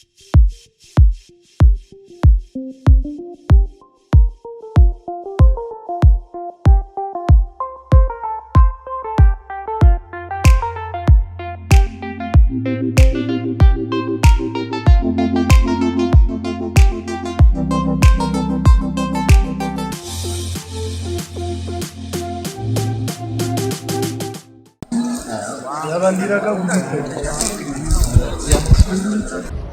Yeah, gonna couple need नीरा a ा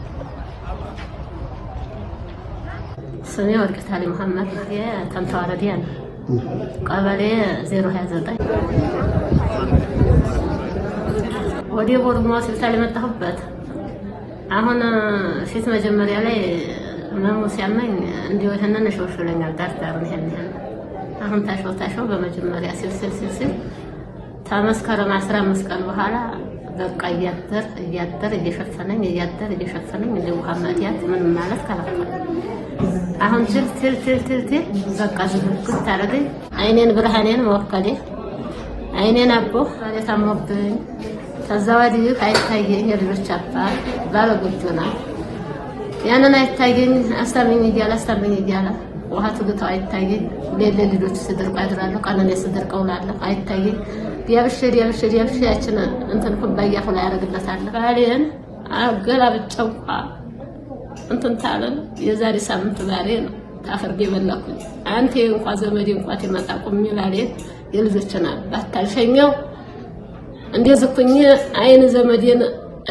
ስሜ ወርቅታ አሊ መሐመድ የተምታ ወረዳ ነው፣ ቀበሌ 029 ወደ ቦርሞ ሆስፒታል የመጣሁበት አሁን ፊት መጀመሪያ ላይ መሙ ሲያመኝ እንዲሁ ይህንን እሸውሽለኛል ዳርዳሩን ይሄን ይሄን አሁን ታሸው ታሸው በመጀመሪያ ሲል ሲል ተመስከረም አስራ አምስት ቀን በኋላ በቃ እያደር እያደር እየሸፈነኝ እያደር እየሸፈነኝ እንደ ውሃ መጥያት ምንም ማለት ከላከ አሁን ትል ትል ትል ትል ትል በቃ ዝግብግብ ታደረገኝ። አይኔን ብርሃኔን ወከደ። አይኔን አቦ ታሞብኝ። ከዛ ወዲህ አይታየኝ። የልጆች አባት ባለ ጎጆ ናት። ያንን አይታየኝ አስታመኝ እያለ አስታመኝ እያለ ውሃ ትግተው አይታየኝ። ሌለ ልጆቹ ስደርቁ ያድራለሁ። ቀንን ስደርቅ እውላለሁ። አይታየኝ። ያብሽ ያብሽ ያብሽ ያችን እንትን ኩባያ ሁላ ያደርግለታለሁ። ባሌን አገላብጬ እንኳ እንትን ታለን የዛሬ ሳምንት ዛሬ ነው ታፈርድ የበላኩኝ አንተ እንኳ ዘመዴ እንኳ ትመጣ ቁሚ ላሌ የልጆችን አባት ታልሸኘው እንደ ዝኩኝ አይን ዘመዴን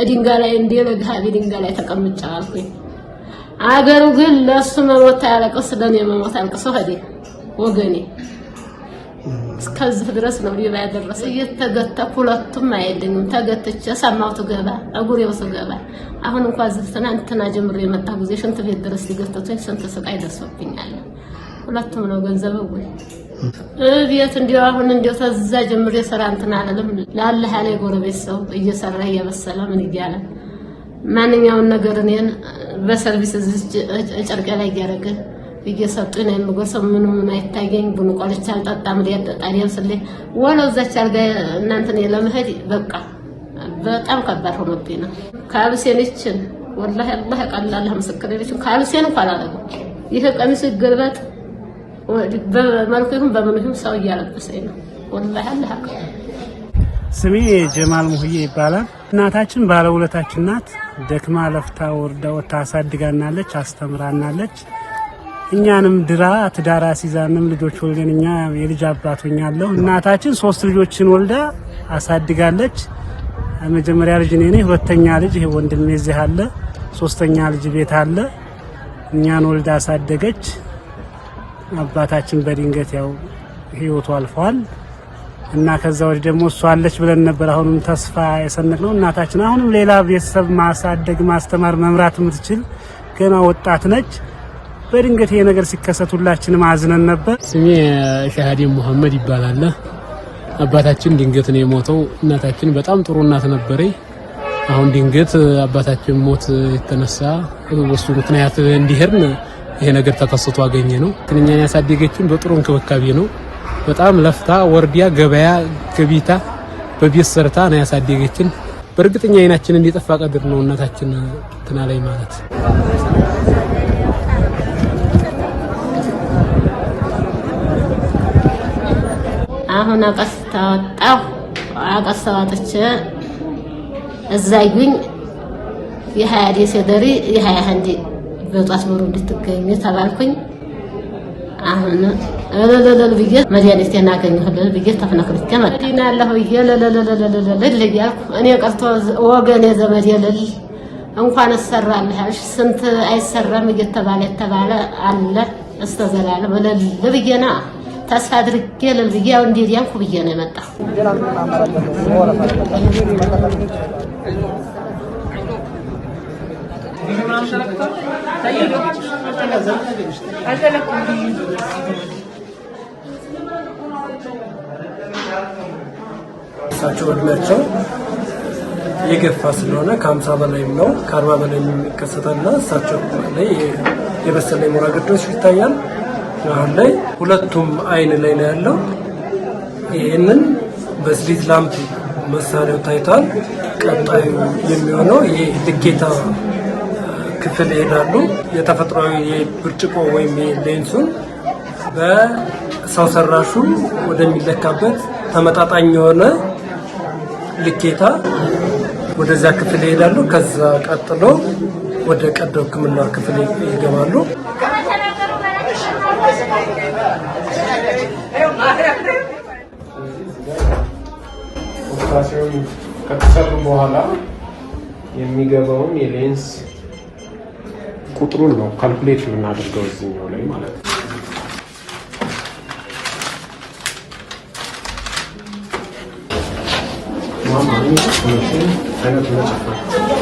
ድንጋ ላይ እንደ ለግሃቢ ድንጋ ላይ ተቀምጫ አልኩኝ። አገሩ ግን ለእሱ መሞት ያለቀስ ለእኔ መሞት አልቅሶ ሄዴ ወገኔ እስከዚህ ድረስ ነው ሌባ ያደረሰ። እየተገተኩ ሁለቱም አይሄደኝም። ተገትቼ ሰማሁት ገባ እጉሬው ገባ። አሁን እንኳ እዚህ ትናንትና ጀምሮ የመጣ ጊዜ ሽንት ቤት ድረስ ሊገተቱ ስንት ስቃይ ደርሶብኛል። ሁለቱም ነው ገንዘብ ወይ እቤት እንዲያው አሁን እንዲያው ተዛ ጀምሬ ስራ እንትን አለልም ላለ ያለ ጎረቤት ሰው እየሰራ እያበሰለ ምን እያለ ማንኛውን ነገር እኔን በሰርቪስ እዚህ ጨርቄ ላይ እያደረገ እየሰጡ ነው የምጎርሰው። ምንም ምን አይታየኝ። ቡን ቆልቻ አልጠጣም። ሊያጠጣሪያም ስለ ወለው እዛች አልጋ እናንተን ለመሄድ በቃ በጣም ከባድ ሆኖብኝ ነው። ካልሴንችን ወላሂ አላህ ቀላል ምስክሬችን ካልሴን እንኳን አላደረገው። ይሄ ቀሚስ ይገልበጥ በመልኩ ይሁን በምኑ ይሁን ሰው እያለበሰኝ ነው። ወላሂ አላህ ስሜ ጀማል ሙህዬ ይባላል። እናታችን ባለውለታችን ናት። ደክማ ለፍታ ወርዳ ወታ አሳድጋናለች፣ አስተምራናለች። እኛንም ድራ ትዳራ ሲዛንም ልጆች ወልደን እኛ የልጅ አባቶኛለሁ። እናታችን ሶስት ልጆችን ወልዳ አሳድጋለች። መጀመሪያ ልጅ እኔ ነኝ። ሁለተኛ ልጅ ይሄ ወንድሜ እዚህ አለ። ሶስተኛ ልጅ ቤት አለ። እኛን ወልዳ አሳደገች። አባታችን በድንገት ያው ህይወቱ አልፏል እና ከዛ ወዲህ ደግሞ እሷ አለች ብለን ነበር። አሁንም ተስፋ ነው። እናታችን አሁንም ሌላ ቤተሰብ ማሳደግ ማስተማር መምራት የምትችል ገና ወጣት ነች። በድንገት ይሄ ነገር ሲከሰት ሁላችንም አዝነን ነበር። ስሜ ሻሃዴ ሙሐመድ ይባላል። አባታችን ድንገት ነው የሞተው። እናታችን በጣም ጥሩ እናት ነበረች። አሁን ድንገት አባታችን ሞት የተነሳ በሱ ምክንያት እንዲሄድን ይሄ ነገር ተከስቶ አገኘ ነው። እኛን ያሳደገችን በጥሩ እንክብካቤ ነው። በጣም ለፍታ ወርዲያ ገበያ ገቢታ በቤት ሰርታ ነው ያሳደገችን። በእርግጠኛ አይናችን እንዲጠፋ ቀድር ነው እናታችን እንትና ላይ ማለት አሁን አቀስታወጣሁ አቀስታወጥቼ እዛዩኝ የሀያ ዴሴደሪ የሀያ አንድ በጧት ብሩ እንድትገኙ ተባልኩኝ። አሁን ለለለለ ብዬ መድኃኒቴን አገኘሁልን ብዬ ተፍነክርቼ መዲና ያለሁ ብዬ ለለለለለል እያልኩ እኔ ቀርቶ ወገኔ ዘመድ የለል እንኳን እሰራለሁ ያልሽ ስንት አይሰራም እየተባለ የተባለ አለ እስተዘላለም እልል ብዬ ና ተስፋ አድርጌ ልል ብዬ ያው እንዴት ያንኩ ብዬ ነው የመጣሁ። እሳቸው እድሜያቸው የገፋ ስለሆነ ከሀምሳ በላይም ነው ከአርባ በላይ የሚከሰተና እሳቸው ላይ የበሰለ የሞራ ግድሮች ይታያል። አሁን ላይ ሁለቱም አይን ላይ ነው ያለው። ይህንን በስሊት ላምፕ መሳሪያው ታይቷል። ቀጣዩ የሚሆነው ይሄ ልኬታ ክፍል ይሄዳሉ። የተፈጥሯዊ ብርጭቆ ወይም ሌንሱን በሰው ሰራሹ ወደሚለካበት ተመጣጣኝ የሆነ ልኬታ ወደዚያ ክፍል ይሄዳሉ። ከዛ ቀጥሎ ወደ ቀዶ ሕክምና ክፍል ይገባሉ። ኦፕራሲዮን ከተሰሩ በኋላ የሚገባውን የሌንስ ቁጥሩን ነው ካልኩሌት የምናደርገው እዚህኛው ላይ ማለት ነው። አይነት መጨፈር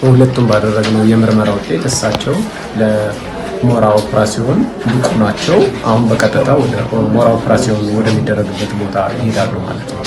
በሁለቱም ባደረግነው የምርመራ ውጤት እሳቸው ለሞራ ኦፕራሲዮን ብቁ ናቸው። አሁን በቀጥታ ወደ ሞራ ኦፕራሲዮን ወደሚደረግበት ቦታ ይሄዳሉ ማለት ነው።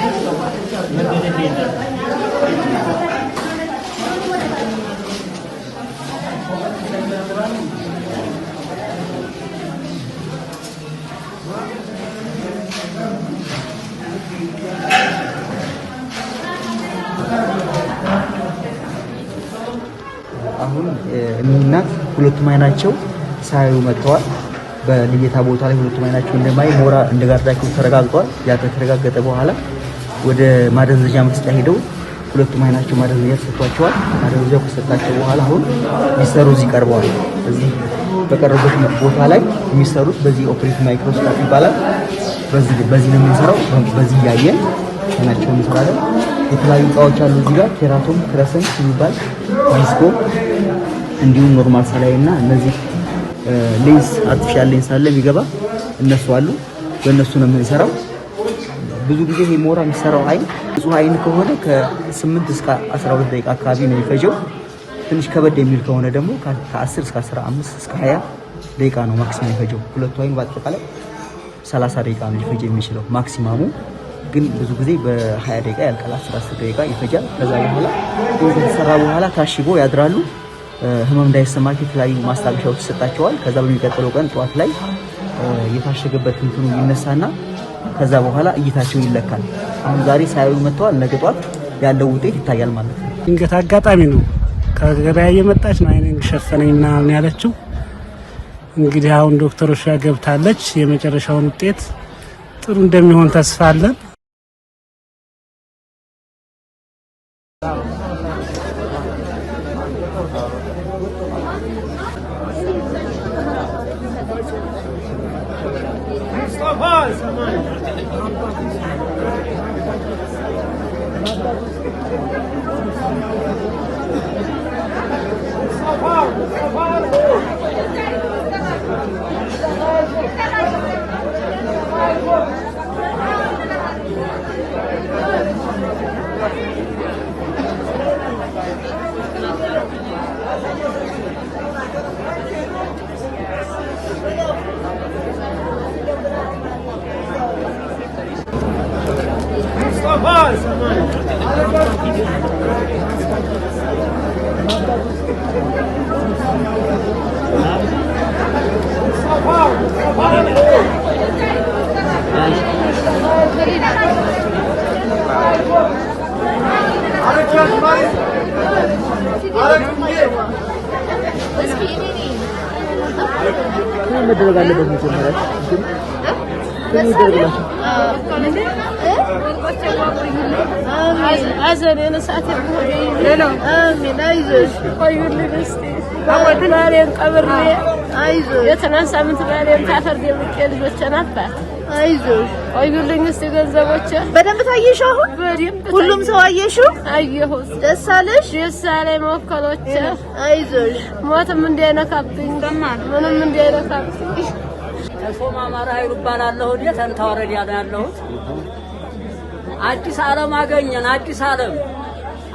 አሁን እሚናት ሁለቱም አይናቸው ሳያዩ መጥተዋል። በልየታ ቦታ ላይ ሁለቱም አይናቸው እንደማይ ሞራ እንደጋርዳቸው ተረጋግጧል። ያ ከተረጋገጠ በኋላ ወደ ማደንዘዣ መስጫ ሄደው ሁለቱም አይናቸው ማደንዘዣ ተሰጥቷቸዋል። ማደንዘዣው ከሰጣቸው በኋላ አሁን ሊሰሩ እዚህ ቀርበዋል። እዚህ በቀረበት ቦታ ላይ የሚሰሩት በዚህ ኦፕሬት ማይክሮስኮፕ ይባላል። በዚህ ነው የምንሰራው። በዚህ እያየን አይናቸውን እንሰራለን። የተለያዩ እቃዎች አሉ እዚህ ጋር ኬራቶም ክረሰን የሚባል ዲስኮ፣ እንዲሁም ኖርማል ሰላይ እና እነዚህ ሌንስ አርቲፊሻል ሌንስ አለ የሚገባ እነሱ አሉ። በእነሱ ነው የምንሰራው። ብዙ ጊዜ ይሄ ሞራ የሚሰራው አይን ንጹህ አይን ከሆነ ከ8 እስከ 12 ደቂቃ አካባቢ ነው የሚፈጀው። ትንሽ ከበድ የሚል ከሆነ ደግሞ ከ10 እስከ 15 እስከ 20 ደቂቃ ነው ማክሲማም የሚፈጀው። ሁለቱ አይን በአጠቃላይ 30 ደቂቃ ነው ሊፈጅ የሚችለው ማክሲማሙ ግን ብዙ ጊዜ በ20 ደቂቃ ያልቃል፣ 10 ደቂቃ ይፈጃል። ከዛ በኋላ ከተሰራ በኋላ ታሽጎ ያድራሉ። ህመም እንዳይሰማቸው የተለያዩ ማስታገሻዎች ይሰጣቸዋል። ከዛ በሚቀጥለው ቀን ጠዋት ላይ የታሸገበት እንትኑ ይነሳና ከዛ በኋላ እይታቸው ይለካል። አሁን ዛሬ ሳያዩ መጥተዋል፣ ነገ ጠዋት ያለው ውጤት ይታያል ማለት ነው። ድንገት አጋጣሚ ነው ከገበያ እየመጣች ነው አይኔን ሸፈነኝ ምናምን ያለችው። እንግዲህ አሁን ዶክተሮች ገብታለች። የመጨረሻውን ውጤት ጥሩ እንደሚሆን ተስፋ አለን። काय बद्दल गाडी बघितली महाराज የትናንት ሳምንት ባሌን ታፈርድ የምቄ ልጆቼ ናባት። አይዞሽ ቆዩልኝ። በደንብ ታየሽው? አሁን ሁሉም ሰው አየሽው? አየሁት። ደስ አለሽ? ደስ አለኝ። መወከሎቼ አይዞሽ፣ ሞትም እንዳይነካብኝ ምንም እንዳይነካብኝ ተሾም አማረ ኃይሉ እባላለሁ። ተንታ ወረዳ ነው ያለሁት። አዲስ ዓለም አገኘን። አዲስ ዓለም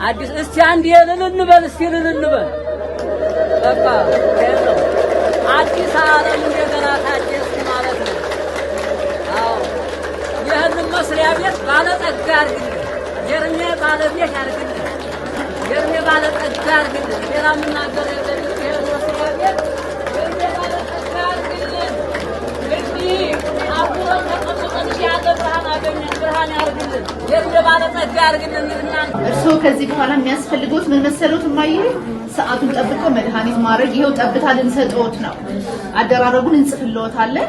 አዲስ እስቲ አንድ እልል እንበል፣ እስቲ እልል እንበል። በቃ አዲስ ዓለም እንደገና ታደስ ማለት ነው። አዎ ይህን መስሪያ ቤት ባለጠጋ አድርግልን፣ የእድሜ ባለቤት አድርግልን፣ የእድሜ ባለጠጋ አድርግልን። ሌላ የምናገር የለም። ይህን መስሪያ ቤት እርስዎ ከዚህ በኋላ የሚያስፈልገው ምን መሰሎት? እማዬ ሰዓቱን ጠብቆ መድኃኒት ማድረግ ይኸው ጠብታ ልንሰጥዎት ነው። አደራረጉን እንጽፍልዎታለን።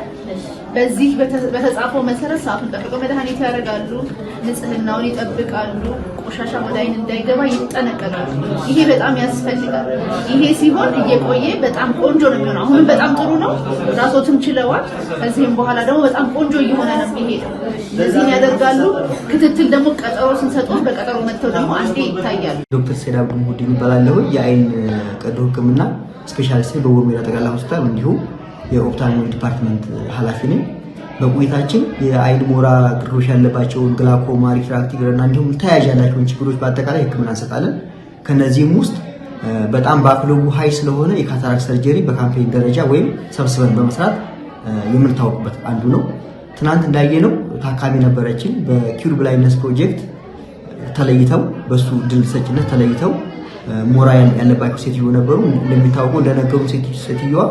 በዚህ በተጻፈው መሰረት ሰዓቱን ጠብቀው መድኃኒት ያደርጋሉ፣ ንጽህናውን ይጠብቃሉ፣ ቆሻሻ ወደ አይን እንዳይገባ ይጠነቀቃሉ። ይሄ በጣም ያስፈልጋል። ይሄ ሲሆን እየቆየ በጣም ቆንጆ ነው የሚሆነው። አሁንም በጣም ጥሩ ነው፣ ራሶትም ችለዋል። ከዚህም በኋላ ደግሞ በጣም ቆንጆ እየሆነ ነው የሚሄደው። እንደዚህም ያደርጋሉ። ክትትል ደግሞ ቀጠሮ ስንሰጦት በቀጠሮ መጥተው ደግሞ አንዴ ይታያሉ። ዶክተር ሴዳ ጉንጉድ ይባላለሁ። የአይን ቀዶ ህክምና ስፔሻሊስት በወርሜዳ ጠቅላላ ሆስፒታል እንዲሁም የኦፕታልሞ ዲፓርትመንት ኃላፊ ነኝ። በቆይታችን የአይን ሞራ ግርዶሽ ያለባቸውን ግላኮማ፣ ሪፍራክቲቭ እንዲሁም ተያያዥ ያላቸውን ችግሮች በአጠቃላይ ሕክምና እንሰጣለን። ከነዚህም ውስጥ በጣም ባክሎጉ ሀይ ስለሆነ የካታራክ ሰርጀሪ በካምፔን ደረጃ ወይም ሰብስበን በመስራት የምንታወቅበት አንዱ ነው። ትናንት እንዳየነው ታካሚ ነበረችን በኪዩር ብላይነስ ፕሮጀክት ተለይተው በሱ ድል ሰጭነት ተለይተው ሞራ ያለባቸው ሴትዮ ነበሩ። እንደሚታወቀው እንደነገሩ ሴትዮዋ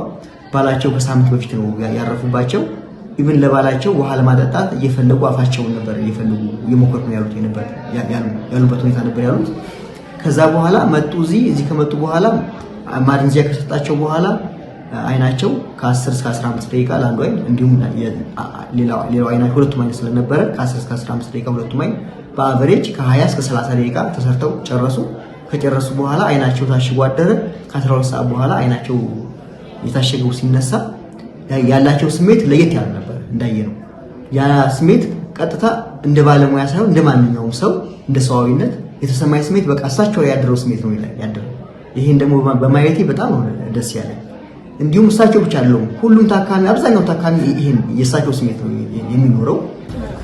ባላቸው ከሳምንት በፊት ነው ያረፉባቸው። ኢቭን ለባላቸው ውሃ ለማጠጣት እየፈለጉ አፋቸውን ነበር እየፈለጉ እየሞከርኩ ነው ያሉት ያሉበት ሁኔታ ነበር ያሉት። ከዛ በኋላ መጡ። እዚህ እዚህ ከመጡ በኋላ ማድንዚያ ከሰጣቸው በኋላ አይናቸው ከ10 እስከ 15 ደቂቃ ለአንዱ አይን እንዲሁም ሌላው አይና ሁለቱም አይነት ስለነበረ ከ10 እስከ 15 ደቂቃ ሁለቱም አይን በአቨሬጅ ከ20 እስከ 30 ደቂቃ ተሰርተው ጨረሱ። ከጨረሱ በኋላ አይናቸው ታሽጎ አደረ። ከ12 ሰዓት በኋላ አይናቸው የታሸገው ሲነሳ ያላቸው ስሜት ለየት ያለ ነበር። እንዳየ ነው ያ ስሜት ቀጥታ እንደ ባለሙያ ሳይሆን እንደ ማንኛውም ሰው እንደ ሰዋዊነት የተሰማኝ ስሜት በቃ እሳቸው ያደረው ስሜት ነው ያደረው። ይሄን ደግሞ በማየቴ በጣም ደስ ያለ። እንዲሁም እሳቸው ብቻ አለው ሁሉም ታካሚ፣ አብዛኛው ታካሚ ይሄን የእሳቸው ስሜት ነው የሚኖረው።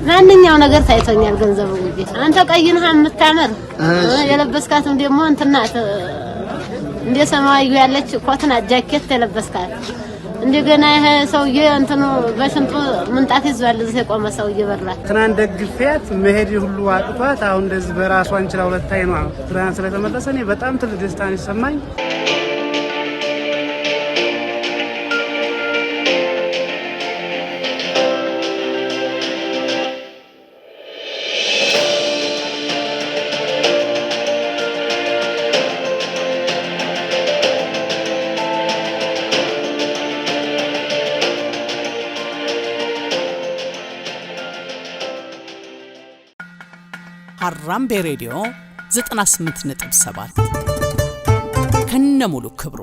ማንኛው ነገር ታይቶኛል። ገንዘቡ ጉዴ አንተ ቀይንሃ የምታምር የለበስካትም ደግሞ እንትናት እንደ ሰማዩ ያለች ኮትና ጃኬት የለበስካት እንደገና ይሄ ሰውዬ እንትኑ በሽንጡ ምንጣፍ ይዟል። እዚህ የቆመ ሰውዬ በራ ትናንት ደግፌያት መሄድ ሁሉ አቅቷት አሁን እንደዚህ በራሷ እንችላ ሁለታይ ነው ትናንት ስለተመለሰ እኔ በጣም ትልቅ ደስታን ይሰማኝ ራምቤ ሬዲዮ 98.7 ከነሙሉ ክብሩ